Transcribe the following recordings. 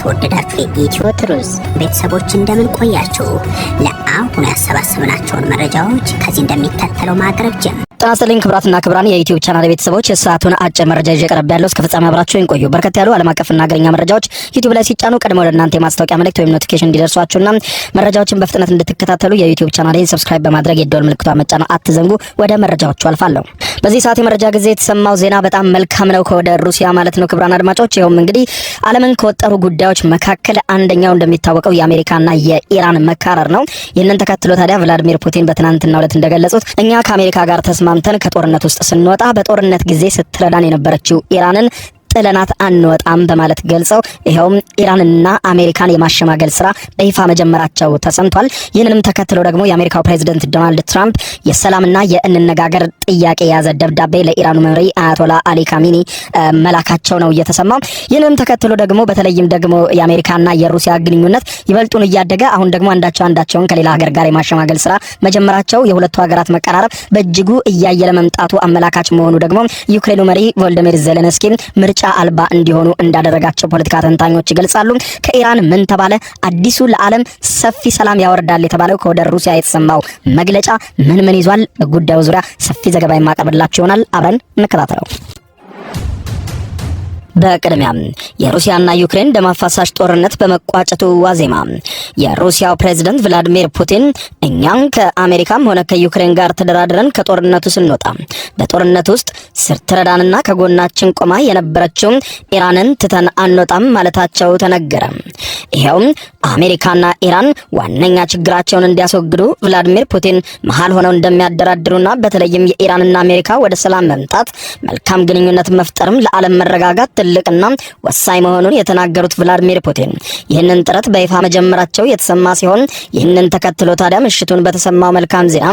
የተወደዳችሁ የኢትዮ ትሩዝ ቤተሰቦች እንደምን ቆያችሁ? ለአሁን ያሰባሰብናቸውን መረጃዎች ከዚህ እንደሚከተለው ማቅረብ ጀምር ጤና ይስጥልኝ ክቡራትና ክቡራን የዩቲዩብ ቻናል ቤተሰቦች የሰዓቱን አጭር መረጃ ይዤ ቀረብ ያለው እስከ ፍጻሜ አብራችሁን ቆዩ። በርከት ያሉ ዓለም አቀፍና ሀገርኛ መረጃዎች ዩቲዩብ ላይ ሲጫኑ ቀድመው ለእናንተ የማስታወቂያ መልእክት ወይም ኖቲፊኬሽን እንዲደርሷችሁና መረጃዎችን በፍጥነት እንድትከታተሉ የዩቲዩብ ቻናሌን ሰብስክራይብ በማድረግ የደወል ምልክቷ መጫን አትዘንጉ። ወደ መረጃዎቹ አልፋለሁ። በዚህ ሰዓት የመረጃ ጊዜ የተሰማው ዜና በጣም መልካም ነው፣ ከወደ ሩሲያ ማለት ነው። ክብራን አድማጮች ይኸውም እንግዲህ ዓለምን ከወጠሩ ጉዳዮች መካከል አንደኛው እንደሚታወቀው የአሜሪካና የኢራን መካረር ነው። ይህንን ተከትሎ ታዲያ ቭላዲሚር ፑቲን በትናንትናው ዕለት እንደገለጹት እኛ ከአሜሪካ ጋር ተስማ ተስማምተን ከጦርነት ውስጥ ስንወጣ በጦርነት ጊዜ ስትረዳን የነበረችው ኢራንን ጥለናት አንወጣም በማለት ገልጸው ይኸውም ኢራንና አሜሪካን የማሸማገል ስራ በይፋ መጀመራቸው ተሰምቷል። ይህንንም ተከትሎ ደግሞ የአሜሪካው ፕሬዚደንት ዶናልድ ትራምፕ የሰላምና የእንነጋገር ጥያቄ የያዘ ደብዳቤ ለኢራኑ መሪ አያቶላ አሊ ካሚኒ መላካቸው ነው እየተሰማው። ይህንንም ተከትሎ ደግሞ በተለይም ደግሞ የአሜሪካና የሩሲያ ግንኙነት ይበልጡን እያደገ አሁን ደግሞ አንዳቸው አንዳቸውን ከሌላ ሀገር ጋር የማሸማገል ስራ መጀመራቸው የሁለቱ ሀገራት መቀራረብ በእጅጉ እያየለ መምጣቱ አመላካች መሆኑ ደግሞ ዩክሬኑ መሪ ቮልዲሚር ዘለንስኪ ምርጫ ምርጫ አልባ እንዲሆኑ እንዳደረጋቸው ፖለቲካ ተንታኞች ይገልጻሉ። ከኢራን ምን ተባለ? አዲሱ ለዓለም ሰፊ ሰላም ያወርዳል የተባለው ከወደ ሩሲያ የተሰማው መግለጫ ምን ምን ይዟል? በጉዳዩ ዙሪያ ሰፊ ዘገባ የማቀርብላችሁ ይሆናል። አብረን እንከታተለው። በቅድሚያ የሩሲያና ዩክሬን ደም አፋሳሽ ጦርነት በመቋጨቱ ዋዜማ የሩሲያው ፕሬዝደንት ቭላድሚር ፑቲን እኛም ከአሜሪካም ሆነ ከዩክሬን ጋር ተደራድረን ከጦርነቱ ስንወጣ በጦርነት ውስጥ ስር ከጎናችን ቆማ የነበረችው ኢራንን ትተን አንወጣም ማለታቸው ተነገረ። ይኸውም አሜሪካና ኢራን ዋነኛ ችግራቸውን እንዲያስወግዱ ቭላዲሚር ፑቲን መሀል ሆነው እንደሚያደራድሩና በተለይም የኢራንና አሜሪካ ወደ ሰላም መምጣት መልካም ግንኙነት መፍጠርም ለዓለም መረጋጋት ትልቅና ወሳኝ መሆኑን የተናገሩት ቭላዲሚር ፑቲን ይህንን ጥረት በይፋ መጀመራቸው የተሰማ ሲሆን ይህንን ተከትሎ ታዲያ ምሽቱን በተሰማው መልካም ዜና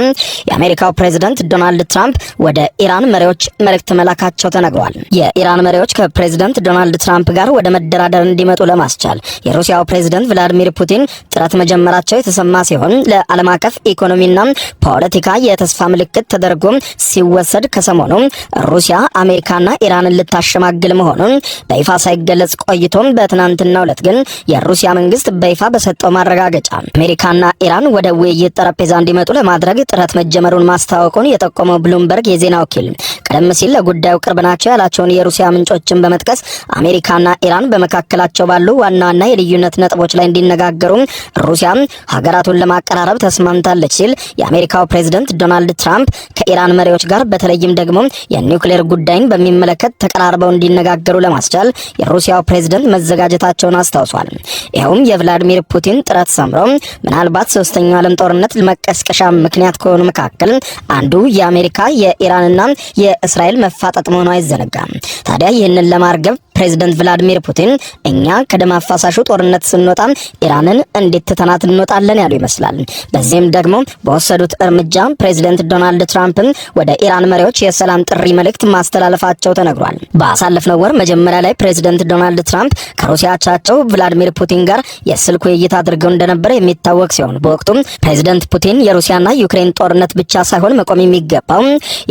የአሜሪካው ፕሬዚደንት ዶናልድ ትራምፕ ወደ ኢራን መሪዎች መልእክት መላካቸው ተነግሯል። የኢራን መሪዎች ከፕሬዚደንት ዶናልድ ትራምፕ ጋር ወደ መደራደር እንዲመጡ ለማስቻል የሩሲያው ፕሬዚደንት ቭላዲሚር ቭላዲሚር ፑቲን ጥረት መጀመራቸው የተሰማ ሲሆን ለዓለም አቀፍ ኢኮኖሚና ፖለቲካ የተስፋ ምልክት ተደርጎ ሲወሰድ ከሰሞኑ ሩሲያ አሜሪካና ኢራንን ልታሸማግል መሆኑን በይፋ ሳይገለጽ ቆይቶም በትናንትናው ዕለት ግን የሩሲያ መንግስት በይፋ በሰጠው ማረጋገጫ አሜሪካና ኢራን ወደ ውይይት ጠረጴዛ እንዲመጡ ለማድረግ ጥረት መጀመሩን ማስታወቁን የጠቆመው ብሉምበርግ የዜና ወኪል ቀደም ሲል ለጉዳዩ ቅርብ ናቸው ያላቸውን የሩሲያ ምንጮችን በመጥቀስ አሜሪካና ኢራን በመካከላቸው ባሉ ዋና ዋና የልዩነት ነጥቦች ላይ እንዲነጋገሩ ሩሲያ ሀገራቱን ለማቀራረብ ተስማምታለች ሲል የአሜሪካው ፕሬዝደንት ዶናልድ ትራምፕ ከኢራን መሪዎች ጋር በተለይም ደግሞ የኒውክሌር ጉዳይን በሚመለከት ተቀራርበው እንዲነጋገሩ ለማስቻል የሩሲያው ፕሬዝደንት መዘጋጀታቸውን አስታውሷል። ይኸውም የቭላዲሚር ፑቲን ጥረት ሰምሮ ምናልባት ሶስተኛው ዓለም ጦርነት መቀስቀሻ ምክንያት ከሆኑ መካከል አንዱ የአሜሪካ የኢራንና እስራኤል መፋጠጥ መሆኑ አይዘነጋም። ታዲያ ይህንን ለማርገብ ፕሬዚደንት ቭላዲሚር ፑቲን እኛ ከደም አፋሳሹ ጦርነት ስንወጣ ኢራንን እንዴት ትተናት እንወጣለን ያሉ ይመስላል። በዚህም ደግሞ በወሰዱት እርምጃ ፕሬዚደንት ዶናልድ ትራምፕ ወደ ኢራን መሪዎች የሰላም ጥሪ መልእክት ማስተላለፋቸው ተነግሯል። በአሳለፍነው ወር መጀመሪያ ላይ ፕሬዚደንት ዶናልድ ትራምፕ ከሩሲያ አቻቸው ቭላዲሚር ፑቲን ጋር የስልክ ውይይት አድርገው እንደነበረ የሚታወቅ ሲሆን በወቅቱም ፕሬዚደንት ፑቲን የሩሲያና ዩክሬን ጦርነት ብቻ ሳይሆን መቆም የሚገባው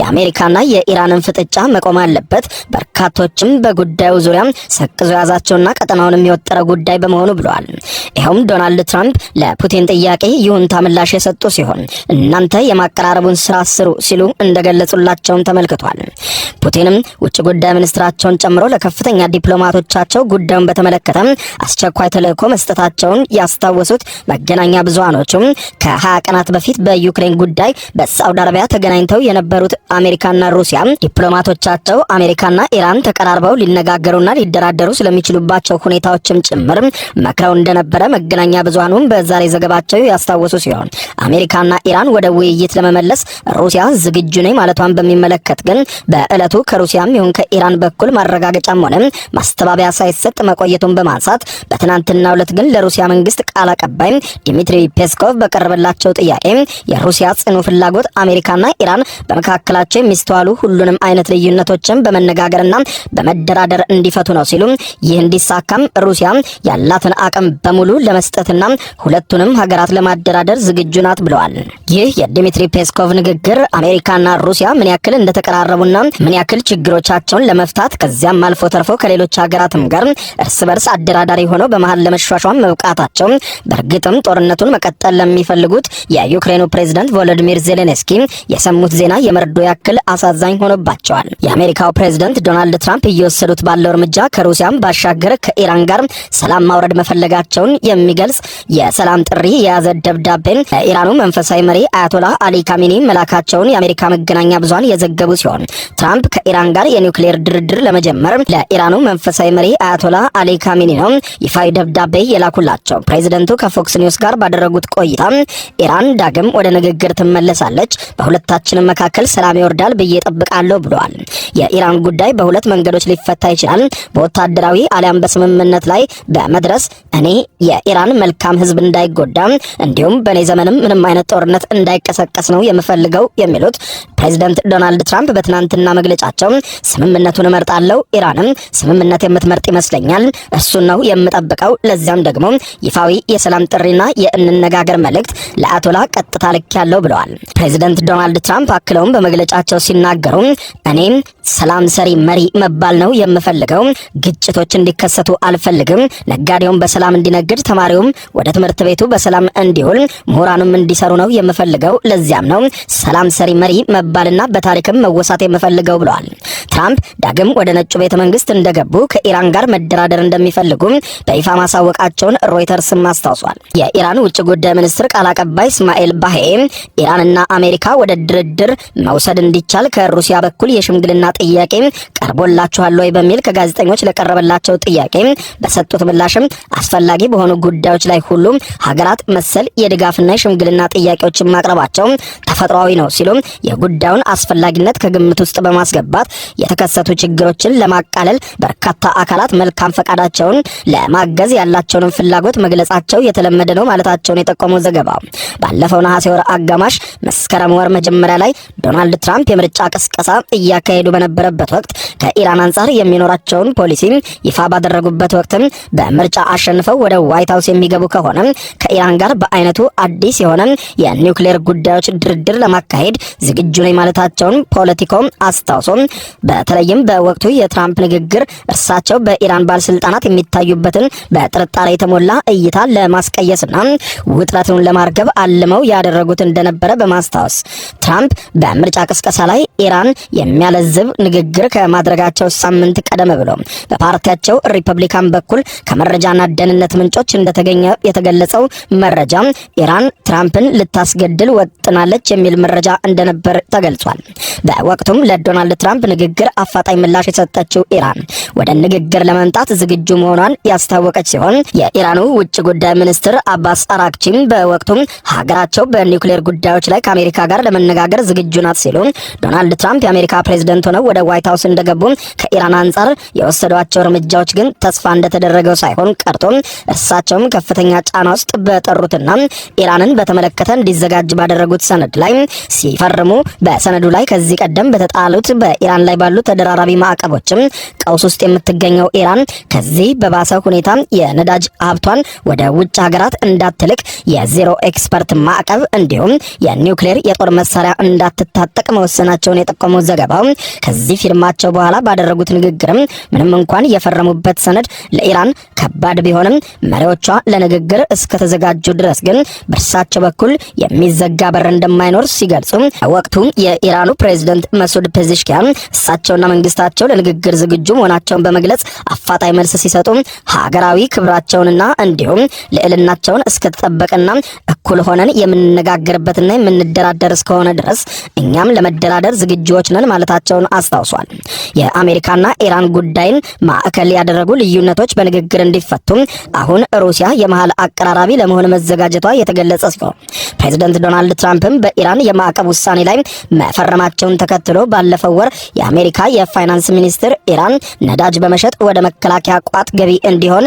የአሜሪካና የኢራንን ፍጥጫ መቆም አለበት፣ በርካቶችም በጉዳዩ ዙሪያ ዙሪያ ሰቅዞ የያዛቸውና ቀጠናውን የሚወጠረ ጉዳይ በመሆኑ ብለዋል። ይኸውም ዶናልድ ትራምፕ ለፑቲን ጥያቄ ይሁንታ ምላሽ የሰጡ ሲሆን እናንተ የማቀራረቡን ስራ ስሩ ሲሉ እንደገለጹላቸውም ተመልክቷል። ፑቲንም ውጭ ጉዳይ ሚኒስትራቸውን ጨምሮ ለከፍተኛ ዲፕሎማቶቻቸው ጉዳዩን በተመለከተ አስቸኳይ ተልእኮ መስጠታቸውን ያስታወሱት መገናኛ ብዙሃኖቹም ከ20 ቀናት በፊት በዩክሬን ጉዳይ በሳውዲ አረቢያ ተገናኝተው የነበሩት አሜሪካና ሩሲያ ዲፕሎማቶቻቸው አሜሪካና ኢራን ተቀራርበው ሊነጋገሩ ሊወያዩና ሊደራደሩ ስለሚችሉባቸው ሁኔታዎችም ጭምር መክረው እንደነበረ መገናኛ ብዙሃኑም በዛሬ ዘገባቸው ያስታወሱ ሲሆን አሜሪካና ኢራን ወደ ውይይት ለመመለስ ሩሲያ ዝግጁ ነኝ ማለቷን በሚመለከት ግን በዕለቱ ከሩሲያም ይሁን ከኢራን በኩል ማረጋገጫም ሆነ ማስተባበያ ሳይሰጥ መቆየቱን በማንሳት በትናንትናው ዕለት ግን ለሩሲያ መንግስት ቃል አቀባይ ዲሚትሪ ፔስኮቭ በቀረበላቸው ጥያቄ የሩሲያ ጽኑ ፍላጎት አሜሪካና ኢራን በመካከላቸው የሚስተዋሉ ሁሉንም አይነት ልዩነቶችን በመነጋገርና በመደራደር እንዲፈ ህልፈቱ ነው ሲሉ ይህ እንዲሳካም ሩሲያ ያላትን አቅም በሙሉ ለመስጠትና ሁለቱንም ሀገራት ለማደራደር ዝግጁ ናት ብለዋል። ይህ የዲሚትሪ ፔስኮቭ ንግግር አሜሪካና ሩሲያ ምን ያክል እንደተቀራረቡና ምን ያክል ችግሮቻቸውን ለመፍታት ከዚያም አልፎ ተርፎ ከሌሎች ሀገራትም ጋር እርስ በርስ አደራዳሪ ሆነው በመሀል ለመሿሿም መብቃታቸው በእርግጥም ጦርነቱን መቀጠል ለሚፈልጉት የዩክሬኑ ፕሬዝዳንት ቮሎዲሚር ዜሌንስኪ የሰሙት ዜና የመርዶ ያክል አሳዛኝ ሆኖባቸዋል። የአሜሪካው ፕሬዝዳንት ዶናልድ ትራምፕ እየወሰዱት ባለው እርምጃ እርምጃ ከሩሲያም ባሻገር ከኢራን ጋር ሰላም ማውረድ መፈለጋቸውን የሚገልጽ የሰላም ጥሪ የያዘ ደብዳቤን ለኢራኑ መንፈሳዊ መሪ አያቶላህ አሊ ካሚኒ መላካቸውን የአሜሪካ መገናኛ ብዙሃን የዘገቡ ሲሆን ትራምፕ ከኢራን ጋር የኒውክሌር ድርድር ለመጀመር ለኢራኑ መንፈሳዊ መሪ አያቶላህ አሊ ካሚኒ ነው ይፋዊ ደብዳቤ የላኩላቸው። ፕሬዚደንቱ ከፎክስ ኒውስ ጋር ባደረጉት ቆይታ ኢራን ዳግም ወደ ንግግር ትመለሳለች፣ በሁለታችንም መካከል ሰላም ይወርዳል ብዬ ጠብቃለሁ ብለዋል። የኢራን ጉዳይ በሁለት መንገዶች ሊፈታ ይችላል። በወታደራዊ አሊያም በስምምነት ላይ በመድረስ እኔ የኢራን መልካም ህዝብ እንዳይጎዳም እንዲሁም በእኔ ዘመንም ምንም አይነት ጦርነት እንዳይቀሰቀስ ነው የምፈልገው የሚሉት ፕሬዚደንት ዶናልድ ትራምፕ በትናንትና መግለጫቸው ስምምነቱን እመርጣለሁ፣ ኢራንም ስምምነት የምትመርጥ ይመስለኛል፣ እሱን ነው የምጠብቀው፣ ለዚያም ደግሞ ይፋዊ የሰላም ጥሪና የእንነጋገር መልእክት ለአያቶላ ቀጥታ ልክ ያለው ብለዋል። ፕሬዚደንት ዶናልድ ትራምፕ አክለውም በመግለጫቸው ሲናገሩ እኔም ሰላም ሰሪ መሪ መባል ነው የምፈልገው ግጭቶች እንዲከሰቱ አልፈልግም። ነጋዴውም በሰላም እንዲነግድ፣ ተማሪውም ወደ ትምህርት ቤቱ በሰላም እንዲውል፣ ምሁራኑም እንዲሰሩ ነው የምፈልገው። ለዚያም ነው ሰላም ሰሪ መሪ መባልና በታሪክም መወሳት የምፈልገው ብለዋል። ትራምፕ ዳግም ወደ ነጩ ቤተ መንግስት እንደገቡ ከኢራን ጋር መደራደር እንደሚፈልጉ በይፋ ማሳወቃቸውን ሮይተርስም አስታውሷል። የኢራን ውጭ ጉዳይ ሚኒስትር ቃል አቀባይ እስማኤል ባሄ ኢራንና አሜሪካ ወደ ድርድር መውሰድ እንዲቻል ከሩሲያ በኩል የሽምግልና ጥያቄ ቀርቦላችኋል ወይ በሚል ጋዜጠኞች ለቀረበላቸው ጥያቄ በሰጡት ምላሽም አስፈላጊ በሆኑ ጉዳዮች ላይ ሁሉም ሀገራት መሰል የድጋፍና የሽምግልና ጥያቄዎችን ማቅረባቸው ተፈጥሯዊ ነው ሲሉ የጉዳዩን አስፈላጊነት ከግምት ውስጥ በማስገባት የተከሰቱ ችግሮችን ለማቃለል በርካታ አካላት መልካም ፈቃዳቸውን ለማገዝ ያላቸውንም ፍላጎት መግለጻቸው የተለመደ ነው ማለታቸውን የጠቆመው ዘገባው ባለፈው ነሐሴ ወር አጋማሽ መስከረም ወር መጀመሪያ ላይ ዶናልድ ትራምፕ የምርጫ ቅስቀሳ እያካሄዱ በነበረበት ወቅት ከኢራን አንጻር የሚኖራቸው የሚያደርጋቸውን ፖሊሲ ይፋ ባደረጉበት ወቅትም በምርጫ አሸንፈው ወደ ዋይት ሀውስ የሚገቡ ከሆነ ከኢራን ጋር በአይነቱ አዲስ የሆነ የኒውክሌር ጉዳዮች ድርድር ለማካሄድ ዝግጁ ነኝ ማለታቸውን ፖለቲኮ አስታውሶ በተለይም በወቅቱ የትራምፕ ንግግር እርሳቸው በኢራን ባለስልጣናት የሚታዩበትን በጥርጣሬ የተሞላ እይታ ለማስቀየስና ውጥረቱን ለማርገብ አልመው ያደረጉት እንደነበረ በማስታወስ ትራምፕ በምርጫ ቅስቀሳ ላይ ኢራን የሚያለዝብ ንግግር ከማድረጋቸው ሳምንት ቀደም ብሎ ብለው በፓርቲያቸው ሪፐብሊካን በኩል ከመረጃና ደህንነት ምንጮች እንደተገኘ የተገለጸው መረጃ ኢራን ትራምፕን ልታስገድል ወጥናለች የሚል መረጃ እንደነበር ተገልጿል። በወቅቱም ለዶናልድ ትራምፕ ንግግር አፋጣኝ ምላሽ የሰጠችው ኢራን ወደ ንግግር ለመምጣት ዝግጁ መሆኗን ያስታወቀች ሲሆን የኢራኑ ውጭ ጉዳይ ሚኒስትር አባስ አራክቺም በወቅቱም ሀገራቸው በኒውክሌር ጉዳዮች ላይ ከአሜሪካ ጋር ለመነጋገር ዝግጁ ናት ሲሉ ዶናልድ ትራምፕ የአሜሪካ ፕሬዝደንት ሆነው ወደ ዋይት ሀውስ እንደገቡ ከኢራን አንጻር የወሰዷቸው እርምጃዎች ግን ተስፋ እንደተደረገው ሳይሆን ቀርቶ እርሳቸውም ከፍተኛ ጫና ውስጥ በጠሩትና ኢራንን በተመለከተ እንዲዘጋጅ ባደረጉት ሰነድ ላይ ሲፈርሙ በሰነዱ ላይ ከዚህ ቀደም በተጣሉት በኢራን ላይ ባሉ ተደራራቢ ማዕቀቦችም ቀውስ ውስጥ የምትገኘው ኢራን ከዚህ በባሰ ሁኔታ የነዳጅ ሀብቷን ወደ ውጭ ሀገራት እንዳትልክ የዜሮ ኤክስፐርት ማዕቀብ እንዲሁም የኒውክሌር የጦር መሳሪያ እንዳትታጠቅ መወሰናቸውን የጠቆመው ዘገባው ከዚህ ፊርማቸው በኋላ ባደረጉት ንግግርም ምንም እንኳን የፈረሙበት ሰነድ ለኢራን ከባድ ቢሆንም መሪዎቿ ለንግግር እስከተዘጋጁ ድረስ ግን በእርሳቸው በኩል የሚዘጋ በር እንደማይኖር ሲገልጹ ወቅቱ የኢራኑ ፕሬዝደንት መሱድ ፔዚሽኪያን እሳቸውና መንግስታቸው ለንግግር ዝግጁ መሆናቸውን በመግለጽ አፋጣኝ መልስ ሲሰጡ ሀገራዊ ክብራቸውንና እንዲሁም ልዕልናቸውን እስከተጠበቀና እኩል ሆነን የምንነጋገርበትና የምንደራደር እስከሆነ ድረስ እኛም ለመደራደር ዝግጁዎች ነን ማለታቸውን አስታውሷል። የአሜሪካና ኢራን ጉዳይ ጉዳይን ማዕከል ያደረጉ ልዩነቶች በንግግር እንዲፈቱም አሁን ሩሲያ የመሀል አቀራራቢ ለመሆን መዘጋጀቷ የተገለጸ ሲሆን ፕሬዚደንት ዶናልድ ትራምፕም በኢራን የማዕቀብ ውሳኔ ላይ መፈረማቸውን ተከትሎ ባለፈው ወር የአሜሪካ የፋይናንስ ሚኒስትር ኢራን ነዳጅ በመሸጥ ወደ መከላከያ ቋት ገቢ እንዲሆን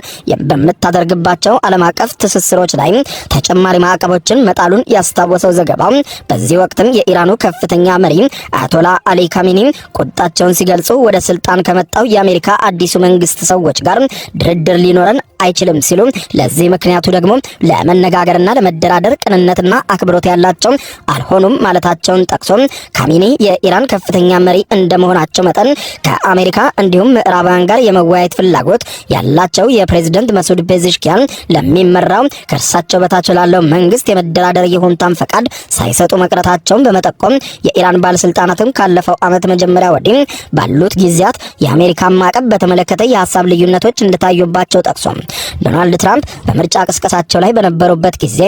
በምታደርግባቸው ዓለም አቀፍ ትስስሮች ላይ ተጨማሪ ማዕቀቦችን መጣሉን ያስታወሰው ዘገባው በዚህ ወቅትም የኢራኑ ከፍተኛ መሪ አያቶላ አሊ ካሚኒ ቁጣቸውን ሲገልጹ ወደ ስልጣን ከመጣው የአሜሪካ ከአዲሱ መንግስት ሰዎች ጋር ድርድር ሊኖረን አይችልም ሲሉ ለዚህ ምክንያቱ ደግሞ ለመነጋገርና ለመደራደር ቅንነትና አክብሮት ያላቸው አልሆኑም ማለታቸውን ጠቅሶ ካሚኒ የኢራን ከፍተኛ መሪ እንደመሆናቸው መጠን ከአሜሪካ እንዲሁም ምዕራባውያን ጋር የመወያየት ፍላጎት ያላቸው የፕሬዝደንት መስዑድ ፔዚሽኪያን ለሚመራው ከእርሳቸው በታች ላለው መንግስት የመደራደር የሆንታን ፈቃድ ሳይሰጡ መቅረታቸውን በመጠቆም የኢራን ባለስልጣናትም ካለፈው ዓመት መጀመሪያ ወዲህ ባሉት ጊዜያት የአሜሪካን ማዕቀብ በተመለከተ የሀሳብ ልዩነቶች እንደታዩባቸው ጠቅሷል። ዶናልድ ትራምፕ በምርጫ ቅስቀሳቸው ላይ በነበሩበት ጊዜ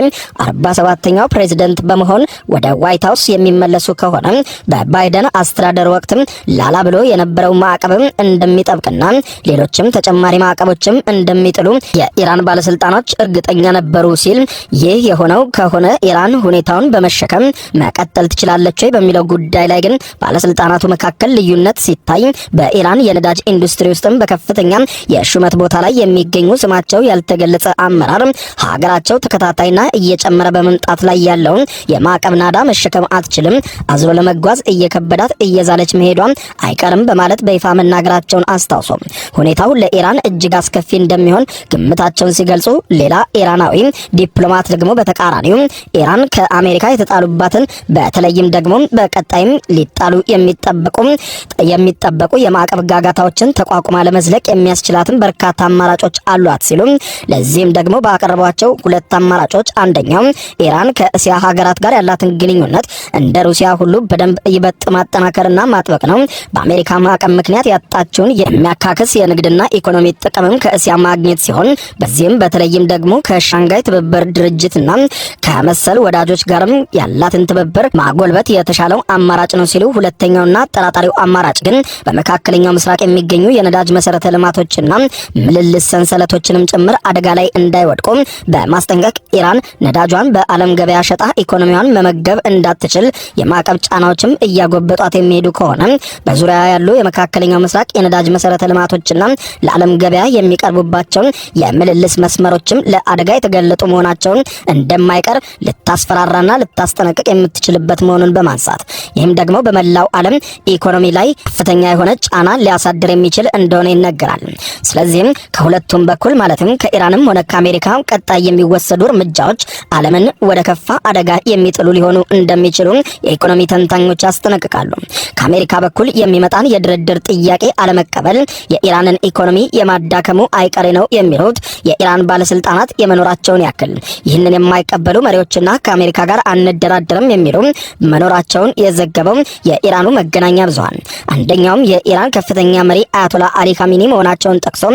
አርባ ሰባተኛው ፕሬዚደንት በመሆን ወደ ዋይት ሀውስ የሚመለሱ ከሆነ በባይደን አስተዳደር ወቅትም ላላ ብሎ የነበረው ማዕቀብም እንደሚጠብቅና ሌሎችም ተጨማሪ ማዕቀቦችም እንደሚጥሉ የኢራን ባለስልጣኖች እርግጠኛ ነበሩ ሲል ይህ የሆነው ከሆነ ኢራን ሁኔታውን በመሸከም መቀጠል ትችላለች ወይ በሚለው ጉዳይ ላይ ግን ባለስልጣናቱ መካከል ልዩነት ሲታይ በኢራን የነዳጅ ኢንዱስትሪ ውስጥም በከፍተኛ የሹመት ቦታ ላይ የሚገኙ ስማቸው ያልተገለጸ አመራር ሀገራቸው ተከታታይና እየጨመረ በመምጣት ላይ ያለውን የማዕቀብ ናዳ መሸከም አትችልም፣ አዝሎ ለመጓዝ እየከበዳት እየዛለች መሄዷ አይቀርም በማለት በይፋ መናገራቸውን አስታውሶ ሁኔታው ለኢራን እጅግ አስከፊ እንደሚሆን ግምታቸውን ሲገልጹ፣ ሌላ ኢራናዊ ዲፕሎማት ደግሞ በተቃራኒው ኢራን ከአሜሪካ የተጣሉባትን በተለይም ደግሞ በቀጣይም ሊጣሉ የሚጠበቁ የሚጠበቁ የማዕቀብ ጋጋታዎችን ተቋቁማ ለመዝለቅ የሚያስችላትን በርካታ አማራጮች አሏት አላት ሲሉ ለዚህም ደግሞ ባቀረቧቸው ሁለት አማራጮች አንደኛው ኢራን ከእስያ ሀገራት ጋር ያላትን ግንኙነት እንደ ሩሲያ ሁሉ በደንብ ይበጥ ማጠናከርና ማጥበቅ ነው። በአሜሪካ ማዕቀብ ምክንያት ያጣችውን የሚያካክስ የንግድና ኢኮኖሚ ጥቅምም ከእስያ ማግኘት ሲሆን በዚህም በተለይም ደግሞ ከሻንጋይ ትብብር ድርጅትና ከመሰል ወዳጆች ጋርም ያላትን ትብብር ማጎልበት የተሻለው አማራጭ ነው ሲሉ ሁለተኛውና ጠራጣሪው አማራጭ ግን በመካከለኛው ምስራቅ የሚገኙ የነዳጅ መሰረተ ልማቶችና ምልልስ ሰንሰለቶች ሀገሮችንም ጭምር አደጋ ላይ እንዳይወድቁም በማስጠንቀቅ ኢራን ነዳጇን በዓለም ገበያ ሸጣ ኢኮኖሚዋን መመገብ እንዳትችል የማዕቀብ ጫናዎችም እያጎበጧት የሚሄዱ ከሆነ በዙሪያ ያሉ የመካከለኛው ምስራቅ የነዳጅ መሰረተ ልማቶችና ለዓለም ገበያ የሚቀርቡባቸው የምልልስ መስመሮችም ለአደጋ የተገለጡ መሆናቸውን እንደማይቀር ልታስፈራራና ልታስጠነቅቅ የምትችልበት መሆኑን በማንሳት ይህም ደግሞ በመላው ዓለም ኢኮኖሚ ላይ ከፍተኛ የሆነ ጫና ሊያሳድር የሚችል እንደሆነ ይነገራል። ስለዚህም ከሁለቱም በኩል ማለትም ከኢራንም ሆነ ከአሜሪካ ቀጣይ የሚወሰዱ እርምጃዎች ዓለምን ወደ ከፋ አደጋ የሚጥሉ ሊሆኑ እንደሚችሉ የኢኮኖሚ ተንታኞች ያስጠነቅቃሉ። ከአሜሪካ በኩል የሚመጣን የድርድር ጥያቄ አለመቀበል የኢራንን ኢኮኖሚ የማዳከሙ አይቀሬ ነው የሚሉት የኢራን ባለስልጣናት የመኖራቸውን ያክል ይህንን የማይቀበሉ መሪዎችና ከአሜሪካ ጋር አንደራደርም የሚሉ መኖራቸውን የዘገበው የኢራኑ መገናኛ ብዙሃን አንደኛውም የኢራን ከፍተኛ መሪ አያቶላ አሊ ካሚኒ መሆናቸውን ጠቅሶ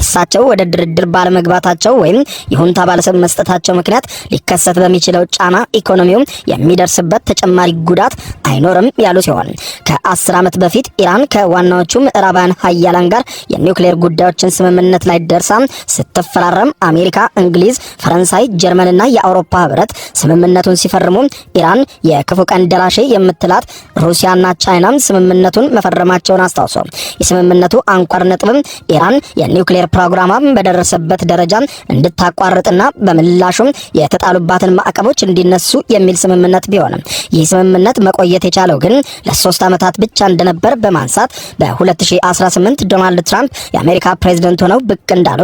እሳቸው ወደ ድርድር ድርድር ባለመግባታቸው ወይም ይሁንታ ባለሰብ መስጠታቸው ምክንያት ሊከሰት በሚችለው ጫና ኢኮኖሚው የሚደርስበት ተጨማሪ ጉዳት አይኖርም ያሉ ሲሆን ከአስር ዓመት በፊት ኢራን ከዋናዎቹ ምዕራባን ሀያላን ጋር የኒውክሌር ጉዳዮችን ስምምነት ላይ ደርሳ ስትፈራረም አሜሪካ፣ እንግሊዝ፣ ፈረንሳይ፣ ጀርመንና የአውሮፓ ህብረት ስምምነቱን ሲፈርሙ ኢራን የክፉ ቀን ደራሽ የምትላት ሩሲያና ቻይናም ስምምነቱን መፈረማቸውን አስታውሶ የስምምነቱ አንኳር ነጥብም ኢራን የኒውክሌር ፕሮግራሟን በደረ በደረሰበት ደረጃ እንድታቋርጥና በምላሹም የተጣሉባትን ማዕቀቦች እንዲነሱ የሚል ስምምነት ቢሆንም ይህ ስምምነት መቆየት የቻለው ግን ለሶስት ዓመታት ብቻ እንደነበር በማንሳት በ2018 ዶናልድ ትራምፕ የአሜሪካ ፕሬዝደንት ሆነው ብቅ እንዳሉ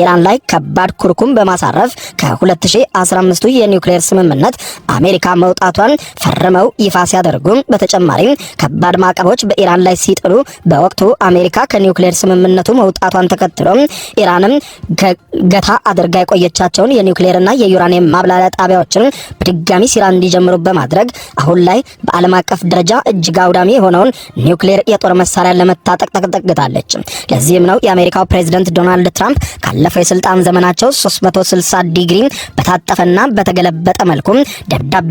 ኢራን ላይ ከባድ ኩርኩም በማሳረፍ ከ 2015 የኒውክሌር ስምምነት አሜሪካ መውጣቷን ፈርመው ይፋ ሲያደርጉ በተጨማሪም ከባድ ማዕቀቦች በኢራን ላይ ሲጥሉ በወቅቱ አሜሪካ ከኒውክሌር ስምምነቱ መውጣቷን ተከትሎ ኢራንም ገታ አድርጋ የቆየቻቸውን የኒውክሌርና የዩራኒየም ማብላሪያ ጣቢያዎችን በድጋሚ ሲራ እንዲጀምሩ በማድረግ አሁን ላይ በዓለም አቀፍ ደረጃ እጅግ አውዳሚ የሆነውን ኒውክሌር የጦር መሳሪያ ለመታጠቅ ተጠግታለች። ለዚህም ነው የአሜሪካው ፕሬዚደንት ዶናልድ ትራምፕ ካለፈው የስልጣን ዘመናቸው 360 ዲግሪ በታጠፈና በተገለበጠ መልኩ ደብዳቤ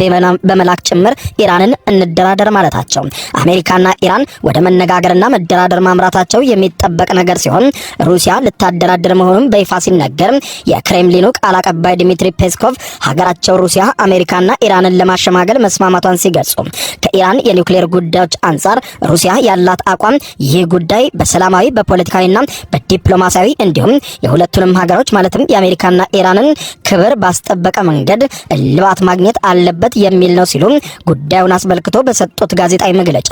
በመላክ ጭምር ኢራንን እንደራደር ማለታቸው አሜሪካና ኢራን ወደ መነጋገርና መደራደር ማምራታቸው የሚጠበቅ ነገር ሲሆን ሩሲያ ልታደራደር መሆኑን በይፋ ሲነገር የክሬምሊኑ ቃል አቀባይ ዲሚትሪ ፔስኮቭ ሀገራቸው ሩሲያ አሜሪካና ኢራንን ለማሸማገል መስማማቷን ሲገልጹ ከኢራን የኒውክሌር ጉዳዮች አንጻር ሩሲያ ያላት አቋም ይህ ጉዳይ በሰላማዊ በፖለቲካዊና በዲፕሎማሲያዊ እንዲሁም የሁለቱንም ሀገሮች ማለትም የአሜሪካና ኢራንን ክብር ባስጠበቀ መንገድ እልባት ማግኘት አለበት የሚል ነው ሲሉ ጉዳዩን አስመልክቶ በሰጡት ጋዜጣዊ መግለጫ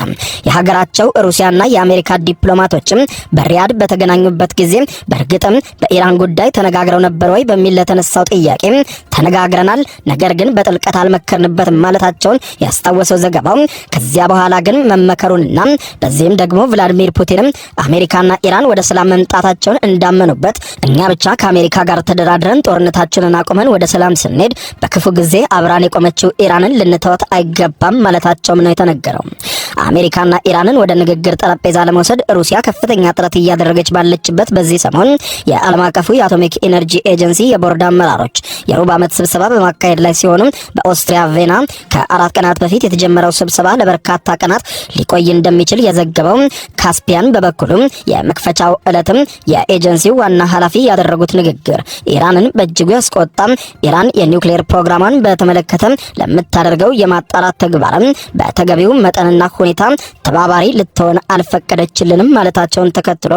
የሀገራቸው ሩሲያና የአሜሪካ ዲፕሎማቶችም በሪያድ በተገናኙበት ጊዜ በእርግጥም በኢራን የሱዳን ጉዳይ ተነጋግረው ነበር ወይ በሚል ለተነሳው ጥያቄም ተነጋግረናል፣ ነገር ግን በጥልቀት አልመከርንበትም ማለታቸውን ያስታወሰው ዘገባው ከዚያ በኋላ ግን መመከሩንና በዚህም ደግሞ ቭላድሚር ፑቲንም አሜሪካና ኢራን ወደ ሰላም መምጣታቸውን እንዳመኑበት እኛ ብቻ ከአሜሪካ ጋር ተደራድረን ጦርነታችንን አቁመን ወደ ሰላም ስንሄድ በክፉ ጊዜ አብራን የቆመችው ኢራንን ልንተወት አይገባም ማለታቸውም ነው የተነገረው። አሜሪካና ኢራንን ወደ ንግግር ጠረጴዛ ለመውሰድ ሩሲያ ከፍተኛ ጥረት እያደረገች ባለችበት በዚህ ሰሞን የዓለም አቀፍ አቀፉ የአቶሚክ ኢነርጂ ኤጀንሲ የቦርድ አመራሮች የሩብ ዓመት ስብሰባ በማካሄድ ላይ ሲሆኑም በኦስትሪያ ቬና ከአራት ቀናት በፊት የተጀመረው ስብሰባ ለበርካታ ቀናት ሊቆይ እንደሚችል የዘገበው ካስፒያን በበኩሉም የመክፈቻው ዕለትም የኤጀንሲው ዋና ኃላፊ ያደረጉት ንግግር ኢራንን በእጅጉ ያስቆጣም፣ ኢራን የኒውክሌር ፕሮግራሟን በተመለከተ ለምታደርገው የማጣራት ተግባርም በተገቢው መጠንና ሁኔታ ተባባሪ ልትሆን አልፈቀደችልንም ማለታቸውን ተከትሎ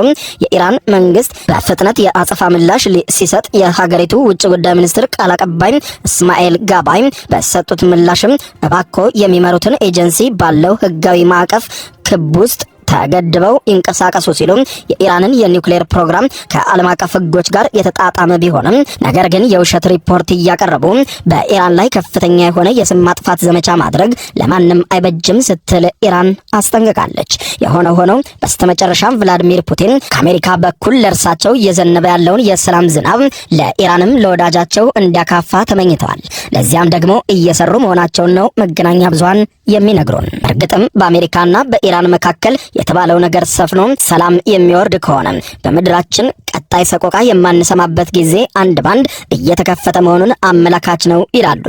የኢራን መንግስት በፍጥነት የአጸፋ ምላሽ ሲሰጥ የሀገሪቱ ውጭ ጉዳይ ሚኒስትር ቃል አቀባይ እስማኤል ጋባይ በሰጡት ምላሽም እባኮ የሚመሩትን ኤጀንሲ ባለው ህጋዊ ማዕቀፍ ክብ ውስጥ ተገድበው ይንቀሳቀሱ ሲሉ የኢራንን የኒውክሌር ፕሮግራም ከዓለም አቀፍ ህጎች ጋር የተጣጣመ ቢሆንም ነገር ግን የውሸት ሪፖርት እያቀረቡ በኢራን ላይ ከፍተኛ የሆነ የስም ማጥፋት ዘመቻ ማድረግ ለማንም አይበጅም ስትል ኢራን አስጠንቅቃለች። የሆነ ሆነው በስተመጨረሻም ቭላዲሚር ፑቲን ከአሜሪካ በኩል ለእርሳቸው እየዘነበ ያለውን የሰላም ዝናብ ለኢራንም ለወዳጃቸው እንዲያካፋ ተመኝተዋል። ለዚያም ደግሞ እየሰሩ መሆናቸውን ነው መገናኛ ብዙሃን የሚነግሩን። እርግጥም በአሜሪካና በኢራን መካከል የተባለው ነገር ሰፍኖ ሰላም የሚወርድ ከሆነ በምድራችን ቀጣይ ሰቆቃ የማንሰማበት ጊዜ አንድ ባንድ እየተከፈተ መሆኑን አመላካች ነው ይላሉ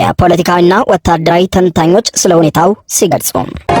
የፖለቲካዊና ወታደራዊ ተንታኞች ስለ ሁኔታው ሲገልጹ።